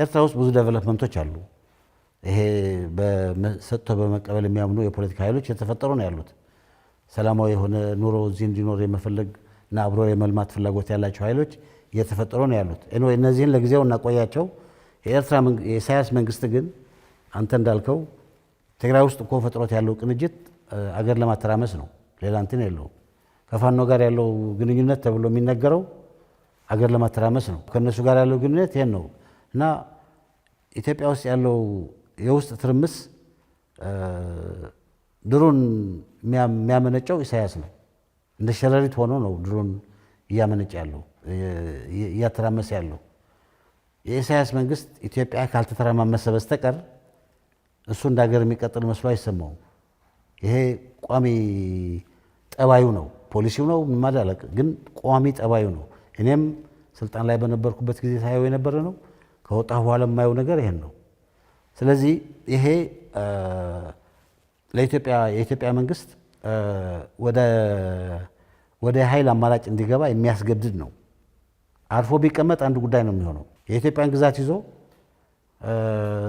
ኤርትራ ውስጥ ብዙ ዴቨሎፕመንቶች አሉ። ይሄ ሰጥቶ በመቀበል የሚያምኑ የፖለቲካ ኃይሎች የተፈጠሩ ነው ያሉት። ሰላማዊ የሆነ ኑሮ እዚህ እንዲኖር የመፈለግ እና አብሮ የመልማት ፍላጎት ያላቸው ኃይሎች እየተፈጠሩ ነው ያሉት። እነዚህን ለጊዜው እናቆያቸው። የኤርትራ የኢሳያስ መንግስት ግን አንተ እንዳልከው ትግራይ ውስጥ እኮ ፈጥሮት ያለው ቅንጅት አገር ለማተራመስ ነው፣ ሌላ እንትን የለውም። ከፋኖ ጋር ያለው ግንኙነት ተብሎ የሚነገረው አገር ለማተራመስ ነው። ከእነሱ ጋር ያለው ግንኙነት ይሄን ነው። እና ኢትዮጵያ ውስጥ ያለው የውስጥ ትርምስ ድሩን የሚያመነጨው ኢሳያስ ነው። እንደ ሸረሪት ሆኖ ነው ድሩን እያመነጨ ያለው እያተራመሰ ያለው። የኢሳያስ መንግስት ኢትዮጵያ ካልተተራማመሰ በስተቀር እሱ እንደ ሀገር የሚቀጥል መስሎ አይሰማው። ይሄ ቋሚ ጠባዩ ነው፣ ፖሊሲው ነው ማዳለቅ ግን ቋሚ ጠባዩ ነው። እኔም ስልጣን ላይ በነበርኩበት ጊዜ ሳየው የነበረ ነው። ከወጣ በኋላ የማየው ነገር ይሄን ነው። ስለዚህ ይሄ ለኢትዮጵያ የኢትዮጵያ መንግስት ወደ ኃይል አማራጭ እንዲገባ የሚያስገድድ ነው። አርፎ ቢቀመጥ አንድ ጉዳይ ነው የሚሆነው። የኢትዮጵያን ግዛት ይዞ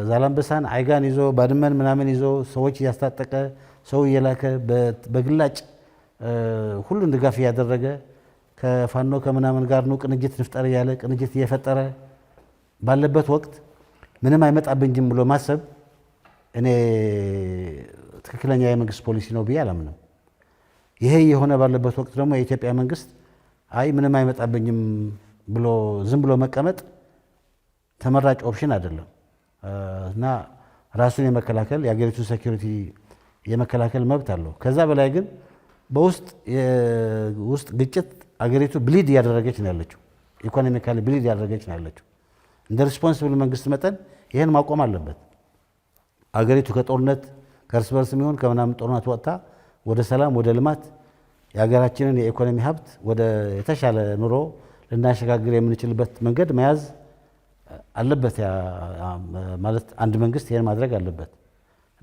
ዛላምበሳን፣ አይጋን ይዞ ባድመን ምናምን ይዞ ሰዎች እያስታጠቀ ሰው እየላከ በግላጭ ሁሉን ድጋፍ እያደረገ ከፋኖ ከምናምን ጋር ነው ቅንጅት ንፍጠር እያለ ቅንጅት እየፈጠረ ባለበት ወቅት ምንም አይመጣብኝም ብሎ ማሰብ እኔ ትክክለኛ የመንግስት ፖሊሲ ነው ብዬ አላምንም። ይሄ የሆነ ባለበት ወቅት ደግሞ የኢትዮጵያ መንግስት አይ ምንም አይመጣብኝም ብሎ ዝም ብሎ መቀመጥ ተመራጭ ኦፕሽን አይደለም እና ራሱን የመከላከል የአገሪቱን ሴኩሪቲ የመከላከል መብት አለው። ከዛ በላይ ግን በውስጥ ውስጥ ግጭት አገሪቱ ብሊድ እያደረገች ነው ያለችው፣ ኢኮኖሚካሊ ብሊድ እያደረገች ነው ያለችው። እንደ ሪስፖንስብል መንግስት መጠን ይህን ማቆም አለበት። አገሪቱ ከጦርነት ከእርስ በርስ የሚሆን ከምናምን ጦርነት ወጥታ ወደ ሰላም፣ ወደ ልማት የሀገራችንን የኢኮኖሚ ሀብት ወደ የተሻለ ኑሮ ልናሸጋግር የምንችልበት መንገድ መያዝ አለበት። ማለት አንድ መንግስት ይህን ማድረግ አለበት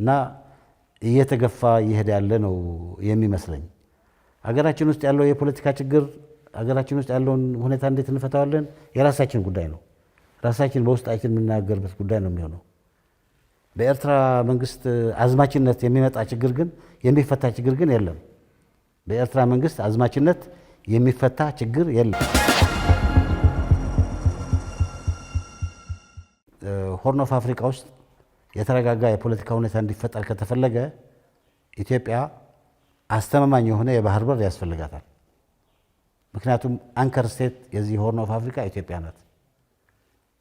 እና እየተገፋ እየሄደ ያለ ነው የሚመስለኝ። ሀገራችን ውስጥ ያለው የፖለቲካ ችግር ሀገራችን ውስጥ ያለውን ሁኔታ እንዴት እንፈታዋለን የራሳችን ጉዳይ ነው። ራሳችን በውስጣችን የምናገርበት ጉዳይ ነው የሚሆነው። በኤርትራ መንግስት አዝማችነት የሚመጣ ችግር ግን የሚፈታ ችግር ግን የለም። በኤርትራ መንግስት አዝማችነት የሚፈታ ችግር የለም። ሆርን ኦፍ አፍሪካ ውስጥ የተረጋጋ የፖለቲካ ሁኔታ እንዲፈጠር ከተፈለገ ኢትዮጵያ አስተማማኝ የሆነ የባህር በር ያስፈልጋታል። ምክንያቱም አንከር ስቴት የዚህ ሆርን ኦፍ አፍሪካ ኢትዮጵያ ናት።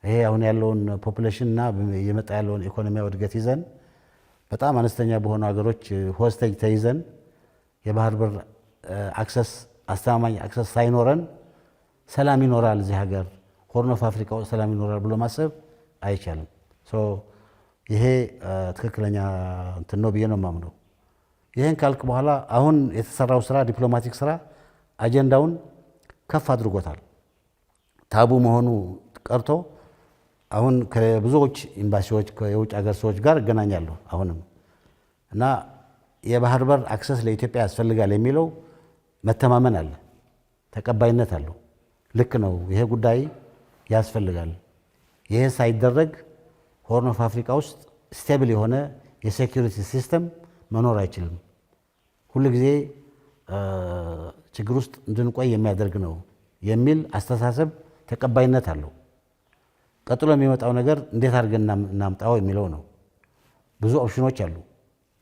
ይሄ አሁን ያለውን ፖፕሌሽንና የመጣ ያለውን ኢኮኖሚያዊ እድገት ይዘን በጣም አነስተኛ በሆኑ ሀገሮች ሆስተጅ ተይዘን የባህር በር አክሰስ አስተማማኝ አክሰስ ሳይኖረን ሰላም ይኖራል እዚህ ሀገር ሆርን ኦፍ አፍሪካ ውስጥ ሰላም ይኖራል ብሎ ማሰብ አይቻልም። ይሄ ትክክለኛ እንትን ነው ብዬ ነው የማምነው። ይህን ካልክ በኋላ አሁን የተሰራው ስራ ዲፕሎማቲክ ስራ አጀንዳውን ከፍ አድርጎታል። ታቡ መሆኑ ቀርቶ አሁን ከብዙዎች ኤምባሲዎች የውጭ ሀገር ሰዎች ጋር እገናኛለሁ አሁንም እና የባህር በር አክሰስ ለኢትዮጵያ ያስፈልጋል የሚለው መተማመን አለ፣ ተቀባይነት አለው። ልክ ነው፣ ይሄ ጉዳይ ያስፈልጋል። ይሄ ሳይደረግ ሆርን ኦፍ አፍሪካ ውስጥ ስቴብል የሆነ የሴኪሪቲ ሲስተም መኖር አይችልም። ሁሉ ጊዜ ችግር ውስጥ እንድንቆይ የሚያደርግ ነው የሚል አስተሳሰብ ተቀባይነት አለው። ቀጥሎ የሚመጣው ነገር እንዴት አድርገን እናምጣው የሚለው ነው። ብዙ ኦፕሽኖች አሉ።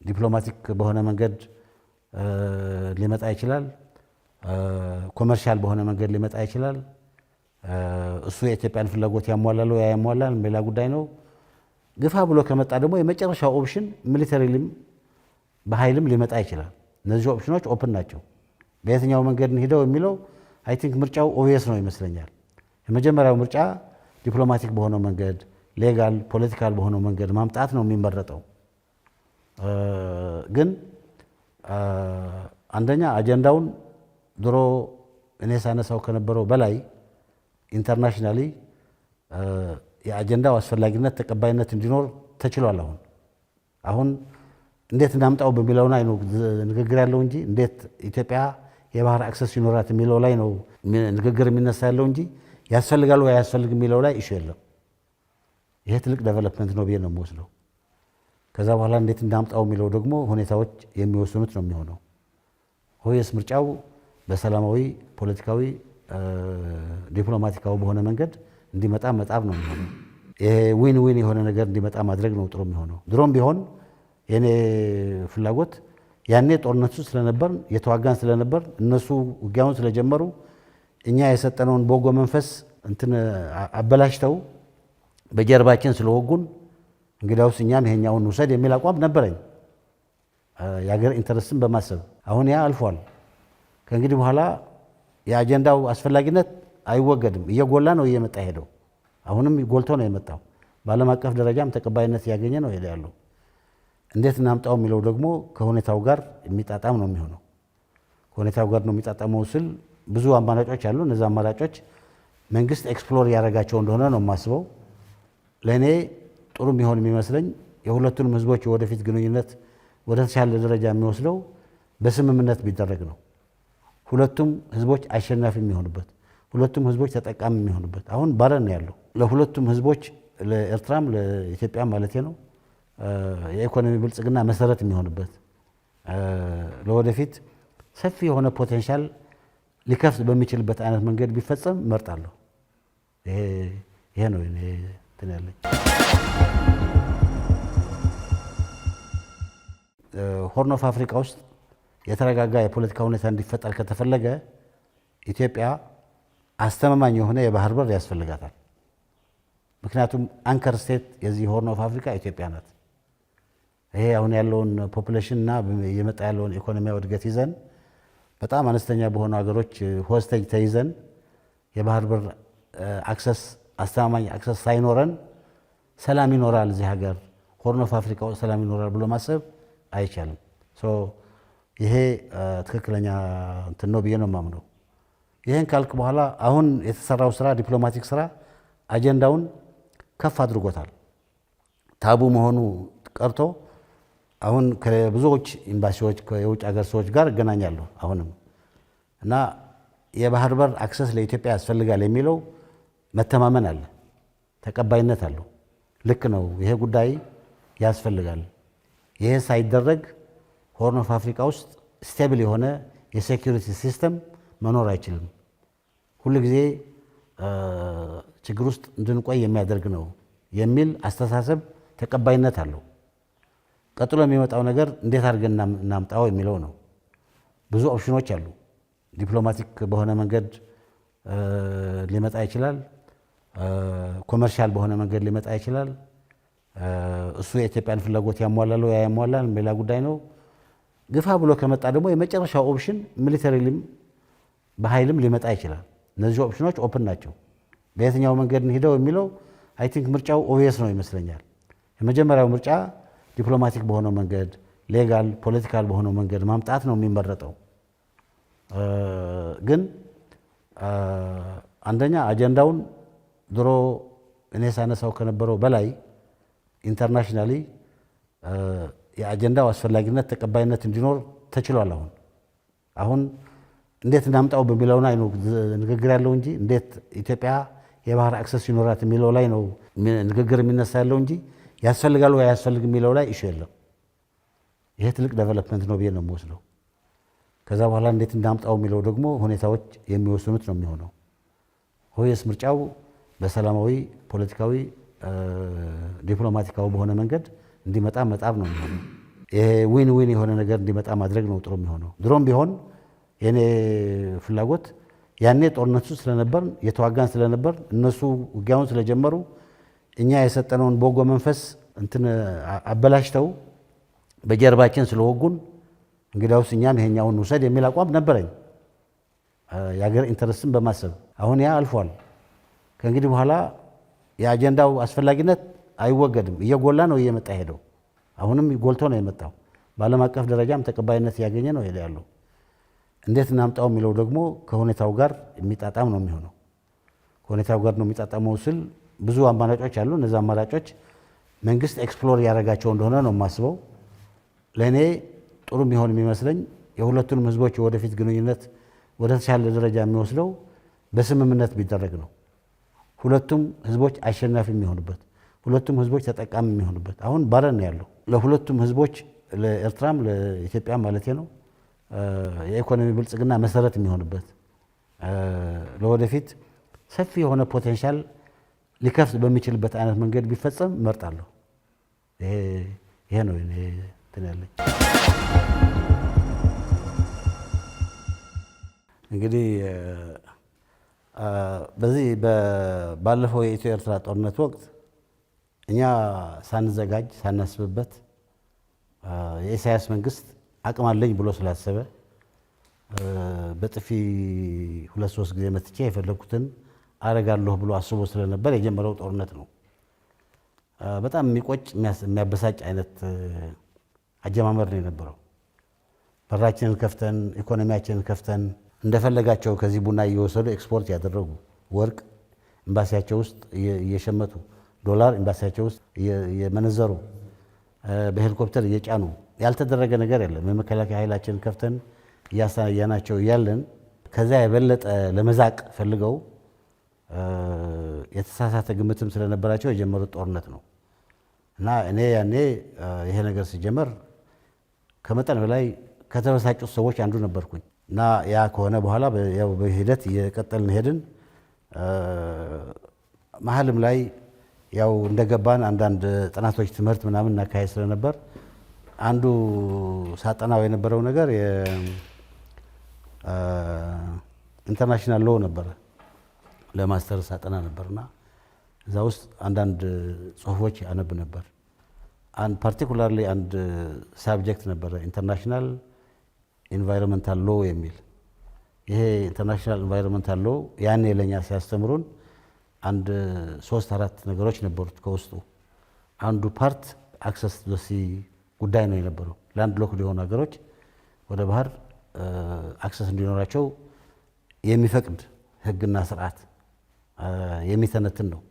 ዲፕሎማቲክ በሆነ መንገድ ሊመጣ ይችላል። ኮመርሻል በሆነ መንገድ ሊመጣ ይችላል። እሱ የኢትዮጵያን ፍላጎት ያሟላል ወይ ያሟላል ሌላ ጉዳይ ነው። ግፋ ብሎ ከመጣ ደግሞ የመጨረሻው ኦፕሽን ሚሊተሪልም በኃይልም ሊመጣ ይችላል። እነዚህ ኦፕሽኖች ኦፕን ናቸው። በየትኛው መንገድ ሄደው የሚለው አይ ቲንክ ምርጫው ኦቪየስ ነው ይመስለኛል። የመጀመሪያው ምርጫ ዲፕሎማቲክ በሆነው መንገድ ሌጋል ፖለቲካል በሆነው መንገድ ማምጣት ነው የሚመረጠው። ግን አንደኛ አጀንዳውን ድሮ እኔ ሳነሳው ከነበረው በላይ ኢንተርናሽናሊ የአጀንዳው አስፈላጊነት ተቀባይነት እንዲኖር ተችሏል። አሁን አሁን እንዴት እናምጣው በሚለው ላይ ነው ንግግር ያለው እንጂ እንዴት ኢትዮጵያ የባህር አክሰስ ይኖራት የሚለው ላይ ነው ንግግር የሚነሳ ያለው እንጂ ያስፈልጋል ወይ አያስፈልግ የሚለው ላይ ኢሹ የለም። ይሄ ትልቅ ዴቨሎፕመንት ነው ብዬ ነው የምወስደው። ከዛ በኋላ እንዴት እንዳምጣው የሚለው ደግሞ ሁኔታዎች የሚወስኑት ነው የሚሆነው። ሆየስ ምርጫው በሰላማዊ ፖለቲካዊ፣ ዲፕሎማቲካዊ በሆነ መንገድ እንዲመጣ መጣብ ነው የሚሆነው። ይሄ ዊን ዊን የሆነ ነገር እንዲመጣ ማድረግ ነው ጥሩ የሚሆነው። ድሮም ቢሆን የኔ ፍላጎት ያኔ ጦርነቱ ስለነበር የተዋጋን ስለነበር እነሱ ውጊያውን ስለጀመሩ እኛ የሰጠነውን በጎ መንፈስ እንትን አበላሽተው በጀርባችን ስለወጉን እንግዲያውስ እኛም ይሄኛውን ውሰድ የሚል አቋም ነበረኝ፣ የሀገር ኢንተረስትን በማሰብ አሁን ያ አልፏል። ከእንግዲህ በኋላ የአጀንዳው አስፈላጊነት አይወገድም። እየጎላ ነው እየመጣ ሄደው አሁንም ጎልቶ ነው የመጣው። በዓለም አቀፍ ደረጃም ተቀባይነት እያገኘ ነው ሄደ ያለው። እንዴት እናምጣው የሚለው ደግሞ ከሁኔታው ጋር የሚጣጣም ነው የሚሆነው። ከሁኔታው ጋር ነው የሚጣጣመው ስል ብዙ አማራጮች አሉ። እነዚ አማራጮች መንግስት ኤክስፕሎር እያደረጋቸው እንደሆነ ነው የማስበው። ለእኔ ጥሩ የሚሆን የሚመስለኝ የሁለቱንም ህዝቦች ወደፊት ግንኙነት ወደ ተሻለ ደረጃ የሚወስደው በስምምነት ቢደረግ ነው። ሁለቱም ህዝቦች አሸናፊ የሚሆኑበት፣ ሁለቱም ህዝቦች ተጠቃሚ የሚሆኑበት። አሁን ባረን ነው ያለው። ለሁለቱም ህዝቦች ለኤርትራም ለኢትዮጵያ ማለት ነው የኢኮኖሚ ብልጽግና መሰረት የሚሆንበት ለወደፊት ሰፊ የሆነ ፖቴንሻል ሊከፍት በሚችልበት አይነት መንገድ ቢፈጸም እመርጣለሁ። ይሄ ነው እንትን ያለኝ። ሆርን ኦፍ አፍሪካ ውስጥ የተረጋጋ የፖለቲካ ሁኔታ እንዲፈጠር ከተፈለገ ኢትዮጵያ አስተማማኝ የሆነ የባህር በር ያስፈልጋታል። ምክንያቱም አንከር ስቴት የዚህ ሆርን ኦፍ አፍሪካ ኢትዮጵያ ናት። ይሄ አሁን ያለውን ፖፕሌሽን እና ያለውን ኢኮኖሚያዊ እድገት ይዘን በጣም አነስተኛ በሆኑ ሀገሮች ሆስተጅ ተይዘን የባህር በር አክሰስ አስተማማኝ አክሰስ ሳይኖረን ሰላም ይኖራል እዚህ ሀገር ሆርን ኦፍ አፍሪካ ውስጥ ሰላም ይኖራል ብሎ ማሰብ አይቻልም። ይሄ ትክክለኛ እንትን ነው ብዬ ነው የማምነው። ይህን ካልክ በኋላ አሁን የተሰራው ስራ ዲፕሎማቲክ ስራ አጀንዳውን ከፍ አድርጎታል። ታቡ መሆኑ ቀርቶ አሁን ከብዙዎች ኤምባሲዎች የውጭ ሀገር ሰዎች ጋር እገናኛለሁ አሁንም እና የባህር በር አክሰስ ለኢትዮጵያ ያስፈልጋል የሚለው መተማመን አለ፣ ተቀባይነት አለው። ልክ ነው፣ ይሄ ጉዳይ ያስፈልጋል። ይሄ ሳይደረግ ሆርን ኦፍ አፍሪካ ውስጥ ስቴብል የሆነ የሴኪሪቲ ሲስተም መኖር አይችልም። ሁል ጊዜ ችግር ውስጥ እንድንቆይ የሚያደርግ ነው የሚል አስተሳሰብ ተቀባይነት አለው። ቀጥሎ የሚመጣው ነገር እንዴት አድርገን እናምጣው የሚለው ነው። ብዙ ኦፕሽኖች አሉ። ዲፕሎማቲክ በሆነ መንገድ ሊመጣ ይችላል። ኮመርሻል በሆነ መንገድ ሊመጣ ይችላል። እሱ የኢትዮጵያን ፍላጎት ያሟላለው ያሟላል ሌላ ጉዳይ ነው። ግፋ ብሎ ከመጣ ደግሞ የመጨረሻው ኦፕሽን ሚሊተሪም በኃይልም ሊመጣ ይችላል። እነዚህ ኦፕሽኖች ኦፕን ናቸው። በየትኛው መንገድ ሄደው የሚለው አይ ቲንክ ምርጫው ኦቪየስ ነው ይመስለኛል። የመጀመሪያው ምርጫ ዲፕሎማቲክ በሆነው መንገድ ሌጋል ፖለቲካል በሆነው መንገድ ማምጣት ነው የሚመረጠው። ግን አንደኛ አጀንዳውን ድሮ እኔ ሳነሳው ከነበረው በላይ ኢንተርናሽናሊ የአጀንዳው አስፈላጊነት ተቀባይነት እንዲኖር ተችሏል። አሁን አሁን እንዴት እናምጣው በሚለው ላይ ነው ንግግር ያለው እንጂ እንዴት ኢትዮጵያ የባህር አክሰስ ይኖራት የሚለው ላይ ነው ንግግር የሚነሳ ያለው እንጂ ያስፈልጋል ወይ አያስፈልግም የሚለው ላይ እሹ የለም። ይሄ ትልቅ ዴቨሎፕመንት ነው ብዬ ነው የምወስደው። ከዛ በኋላ እንዴት እንዳምጣው የሚለው ደግሞ ሁኔታዎች የሚወስኑት ነው የሚሆነው። ሆየስ ምርጫው በሰላማዊ ፖለቲካዊ፣ ዲፕሎማቲካዊ በሆነ መንገድ እንዲመጣ መጣብ ነው የሚሆነው። ይሄ ዊን ዊን የሆነ ነገር እንዲመጣ ማድረግ ነው ጥሩ የሚሆነው። ድሮም ቢሆን የኔ ፍላጎት ያኔ ጦርነቱ ስለነበር የተዋጋን ስለነበር እነሱ ውጊያውን ስለጀመሩ እኛ የሰጠነውን በጎ መንፈስ እንትን አበላሽተው በጀርባችን ስለወጉን እንግዲያውስ እኛም ይሄኛውን ውሰድ የሚል አቋም ነበረኝ፣ የሀገር ኢንተረስትን በማሰብ አሁን ያ አልፏል። ከእንግዲህ በኋላ የአጀንዳው አስፈላጊነት አይወገድም። እየጎላ ነው እየመጣ ሄደው አሁንም ጎልቶ ነው የመጣው። በዓለም አቀፍ ደረጃም ተቀባይነት እያገኘ ነው ሄደ ያለው። እንዴት እናምጣው የሚለው ደግሞ ከሁኔታው ጋር የሚጣጣም ነው የሚሆነው። ከሁኔታው ጋር ነው የሚጣጣመው ስል ብዙ አማራጮች አሉ። እነዚህ አማራጮች መንግስት ኤክስፕሎር ያደረጋቸው እንደሆነ ነው የማስበው። ለእኔ ጥሩ የሚሆን የሚመስለኝ የሁለቱንም ህዝቦች ወደፊት ግንኙነት ወደ ተሻለ ደረጃ የሚወስደው በስምምነት ቢደረግ ነው። ሁለቱም ህዝቦች አሸናፊ የሚሆኑበት፣ ሁለቱም ህዝቦች ተጠቃሚ የሚሆኑበት። አሁን ባረን ያለው። ለሁለቱም ህዝቦች ለኤርትራም ለኢትዮጵያ ማለት ነው የኢኮኖሚ ብልጽግና መሰረት የሚሆንበት ለወደፊት ሰፊ የሆነ ፖቴንሻል ሊከፍት በሚችልበት አይነት መንገድ ቢፈጸም መርጣለሁ። ይሄ ነው እንትን ያለኝ። እንግዲህ በዚህ ባለፈው የኢትዮ ኤርትራ ጦርነት ወቅት እኛ ሳንዘጋጅ ሳናስብበት የኢሳያስ መንግስት አቅም አለኝ ብሎ ስላሰበ በጥፊ ሁለት ሶስት ጊዜ መትቼ የፈለግኩትን አረጋለሁ ብሎ አስቦ ስለነበር የጀመረው ጦርነት ነው። በጣም የሚቆጭ የሚያበሳጭ አይነት አጀማመር ነው የነበረው። በራችንን ከፍተን ኢኮኖሚያችንን ከፍተን እንደፈለጋቸው ከዚህ ቡና እየወሰዱ ኤክስፖርት ያደረጉ ወርቅ ኤምባሲያቸው ውስጥ እየሸመቱ ዶላር ኤምባሲያቸው ውስጥ እየመነዘሩ በሄሊኮፕተር እየጫኑ ያልተደረገ ነገር የለም። የመከላከያ ኃይላችንን ከፍተን እያሳያናቸው እያለን ከዚያ የበለጠ ለመዛቅ ፈልገው የተሳሳተ ግምትም ስለነበራቸው የጀመሩት ጦርነት ነው እና እኔ ያኔ ይሄ ነገር ሲጀመር ከመጠን በላይ ከተበሳጩት ሰዎች አንዱ ነበርኩኝ እና ያ ከሆነ በኋላ በሂደት እየቀጠልን ሄድን። መሀልም ላይ ያው እንደገባን አንዳንድ ጥናቶች ትምህርት ምናምን እናካሄድ ስለነበር አንዱ ሳጠናው የነበረው ነገር ኢንተርናሽናል ሎ ነበረ። ለማስተር አጠና ነበርና እዛ ውስጥ አንዳንድ ጽሁፎች አነብ ነበር። አንድ ፓርቲኩላርሊ አንድ ሳብጀክት ነበረ ኢንተርናሽናል ኢንቫይሮንመንታል ሎ የሚል ይሄ ኢንተርናሽናል ኢንቫይሮንመንታል ሎ ያኔ ለእኛ ሲያስተምሩን አንድ ሶስት አራት ነገሮች ነበሩት ከውስጡ አንዱ ፓርት አክሰስ ሲ ጉዳይ ነው የነበረው። ላንድ ሎክድ የሆኑ ሀገሮች ወደ ባህር አክሰስ እንዲኖራቸው የሚፈቅድ ህግና ስርዓት የሚተነትን ነው።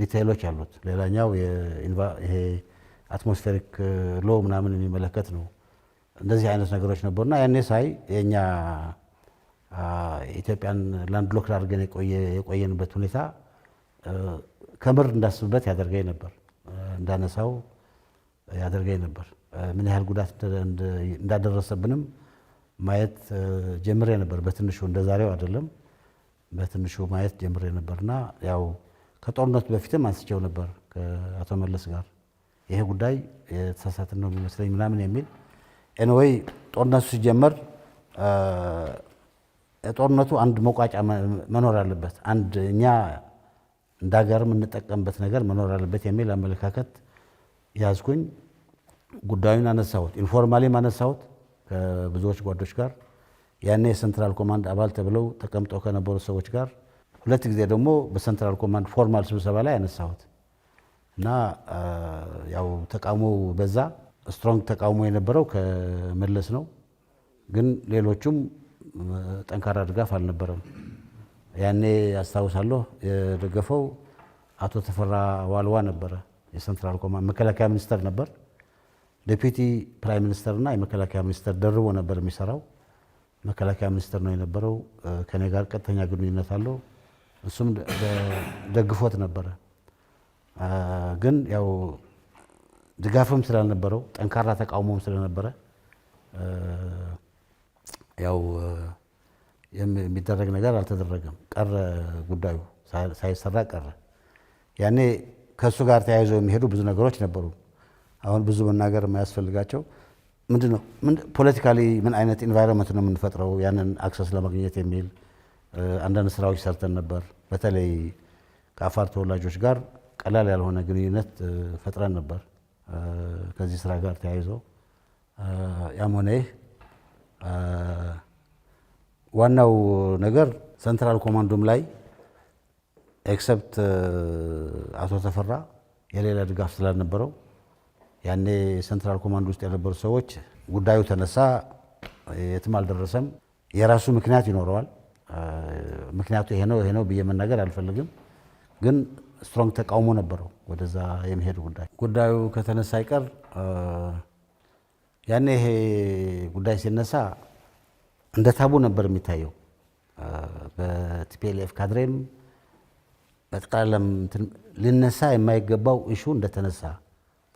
ዲቴይሎች አሉት። ሌላኛው ይሄ አትሞስፌሪክ ሎ ምናምን የሚመለከት ነው። እንደዚህ አይነት ነገሮች ነበሩና ያኔ ሳይ የእኛ ኢትዮጵያን ላንድሎክ ሎክ አድርገን የቆየንበት ሁኔታ ከምር እንዳስብበት ያደርገኝ ነበር፣ እንዳነሳው ያደርገኝ ነበር። ምን ያህል ጉዳት እንዳደረሰብንም ማየት ጀምሬ ነበር። በትንሹ እንደዛሬው አይደለም። በትንሹ ማየት ጀምሬ ነበርና ያው ከጦርነቱ በፊትም አንስቸው ነበር ከአቶ መለስ ጋር ይሄ ጉዳይ የተሳሳት ነው የሚመስለኝ ምናምን የሚል ኤንወይ ጦርነቱ ሲጀመር ጦርነቱ አንድ መቋጫ መኖር አለበት፣ አንድ እኛ እንደ ሀገር የምንጠቀምበት ነገር መኖር አለበት የሚል አመለካከት ያዝኩኝ። ጉዳዩን አነሳሁት፣ ኢንፎርማሊም አነሳሁት ከብዙዎች ጓዶች ጋር ያኔ የሰንትራል ኮማንድ አባል ተብለው ተቀምጠው ከነበሩ ሰዎች ጋር ሁለት ጊዜ ደግሞ በሰንትራል ኮማንድ ፎርማል ስብሰባ ላይ ያነሳሁት እና ያው ተቃውሞ በዛ። ስትሮንግ ተቃውሞ የነበረው ከመለስ ነው፣ ግን ሌሎቹም ጠንካራ ድጋፍ አልነበረም። ያኔ አስታውሳለሁ የደገፈው አቶ ተፈራ ዋልዋ ነበረ። የሰንትራል ኮማንድ መከላከያ ሚኒስተር ነበር። ዴፒቲ ፕራይም ሚኒስተርና የመከላከያ ሚኒስተር ደርቦ ነበር የሚሰራው። መከላከያ ሚኒስትር ነው የነበረው። ከኔ ጋር ቀጥተኛ ግንኙነት አለው። እሱም ደግፎት ነበረ። ግን ያው ድጋፍም ስላልነበረው ጠንካራ ተቃውሞም ስለነበረ ያው የሚደረግ ነገር አልተደረገም፣ ቀረ ጉዳዩ ሳይሰራ ቀረ። ያኔ ከእሱ ጋር ተያይዘው የሚሄዱ ብዙ ነገሮች ነበሩ። አሁን ብዙ መናገር የማያስፈልጋቸው ምንድን ነው ፖለቲካሊ ምን አይነት ኢንቫይሮንመንት ነው የምንፈጥረው ያንን አክሰስ ለማግኘት የሚል አንዳንድ ስራዎች ሰርተን ነበር። በተለይ ከአፋር ተወላጆች ጋር ቀላል ያልሆነ ግንኙነት ፈጥረን ነበር። ከዚህ ስራ ጋር ተያይዞ ያም ሆነ ይህ ዋናው ነገር ሰንትራል ኮማንዶም ላይ ኤክሰፕት አቶ ተፈራ የሌላ ድጋፍ ስላልነበረው ያኔ ሴንትራል ኮማንድ ውስጥ የነበሩ ሰዎች ጉዳዩ ተነሳ፣ የትም አልደረሰም። የራሱ ምክንያት ይኖረዋል። ምክንያቱ ይሄ ነው ይሄ ነው ብዬ መናገር አልፈልግም። ግን ስትሮንግ ተቃውሞ ነበረው ወደዛ የመሄድ ጉዳይ ጉዳዩ ከተነሳ አይቀር ያኔ ይሄ ጉዳይ ሲነሳ እንደ ታቡ ነበር የሚታየው በቲፒኤልኤፍ ካድሬም በጠቅላላም ልነሳ የማይገባው እሹ እንደተነሳ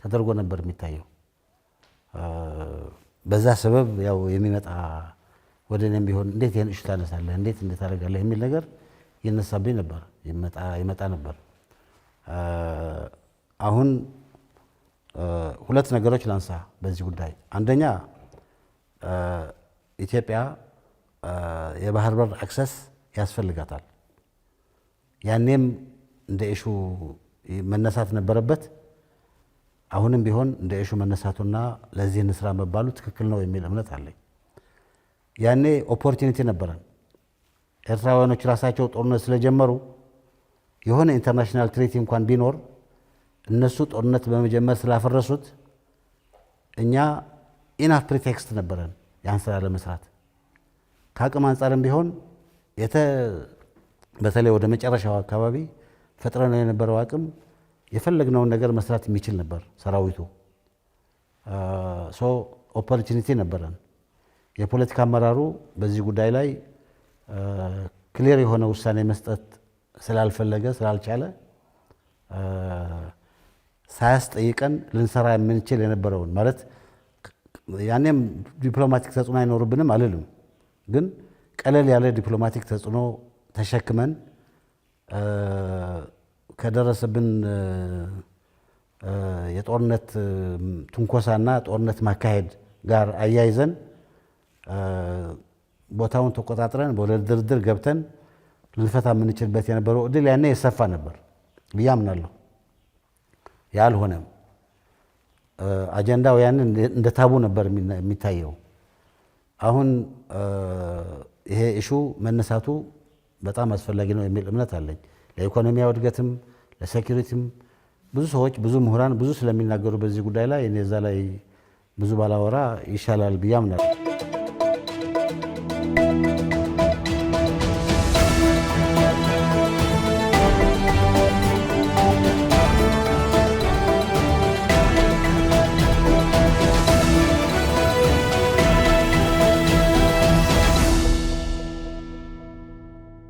ተደርጎ ነበር የሚታየው። በዛ ሰበብ ያው የሚመጣ ወደ እኔም ቢሆን እንዴት ይህን እሹ ታነሳለህ፣ እንዴት እንዴት ታደርጋለህ የሚል ነገር ይነሳብኝ ነበር፣ ይመጣ ነበር። አሁን ሁለት ነገሮች ላንሳ በዚህ ጉዳይ። አንደኛ ኢትዮጵያ የባህር በር አክሰስ ያስፈልጋታል። ያኔም እንደ እሹ መነሳት ነበረበት። አሁንም ቢሆን እንደ ኢሹ መነሳቱና ለዚህ እንስራ መባሉ ትክክል ነው የሚል እምነት አለኝ። ያኔ ኦፖርቹኒቲ ነበረን። ኤርትራውያኖች ራሳቸው ጦርነት ስለጀመሩ የሆነ ኢንተርናሽናል ትሪቲ እንኳን ቢኖር እነሱ ጦርነት በመጀመር ስላፈረሱት እኛ ኢናፍ ፕሪቴክስት ነበረን ያን ስራ ለመስራት ከአቅም አንጻርም ቢሆን በተለይ ወደ መጨረሻው አካባቢ ፈጥረነው የነበረው አቅም የፈለግነውን ነገር መስራት የሚችል ነበር ሰራዊቱ። ሶ ኦፖርቹኒቲ ነበረን። የፖለቲካ አመራሩ በዚህ ጉዳይ ላይ ክሊር የሆነ ውሳኔ መስጠት ስላልፈለገ ስላልቻለ ሳያስጠይቀን ልንሰራ የምንችል የነበረውን ማለት ያኔም ዲፕሎማቲክ ተጽዕኖ አይኖርብንም አልልም፣ ግን ቀለል ያለ ዲፕሎማቲክ ተጽዕኖ ተሸክመን ከደረሰብን የጦርነት ትንኮሳና ጦርነት ማካሄድ ጋር አያይዘን ቦታውን ተቆጣጥረን ወደ ድርድር ገብተን ልንፈታ የምንችልበት የነበረው እድል ያኔ የሰፋ ነበር ብዬ አምናለሁ። ያልሆነም አጀንዳው ያንን እንደ ታቡ ነበር የሚታየው። አሁን ይሄ እሹ መነሳቱ በጣም አስፈላጊ ነው የሚል እምነት አለኝ። ለኢኮኖሚያዊ እድገትም ለሴኪሪቲም ብዙ ሰዎች ብዙ ምሁራን ብዙ ስለሚናገሩ በዚህ ጉዳይ ላይ እኔ እዛ ላይ ብዙ ባላወራ ይሻላል ብዬ አምናለሁ።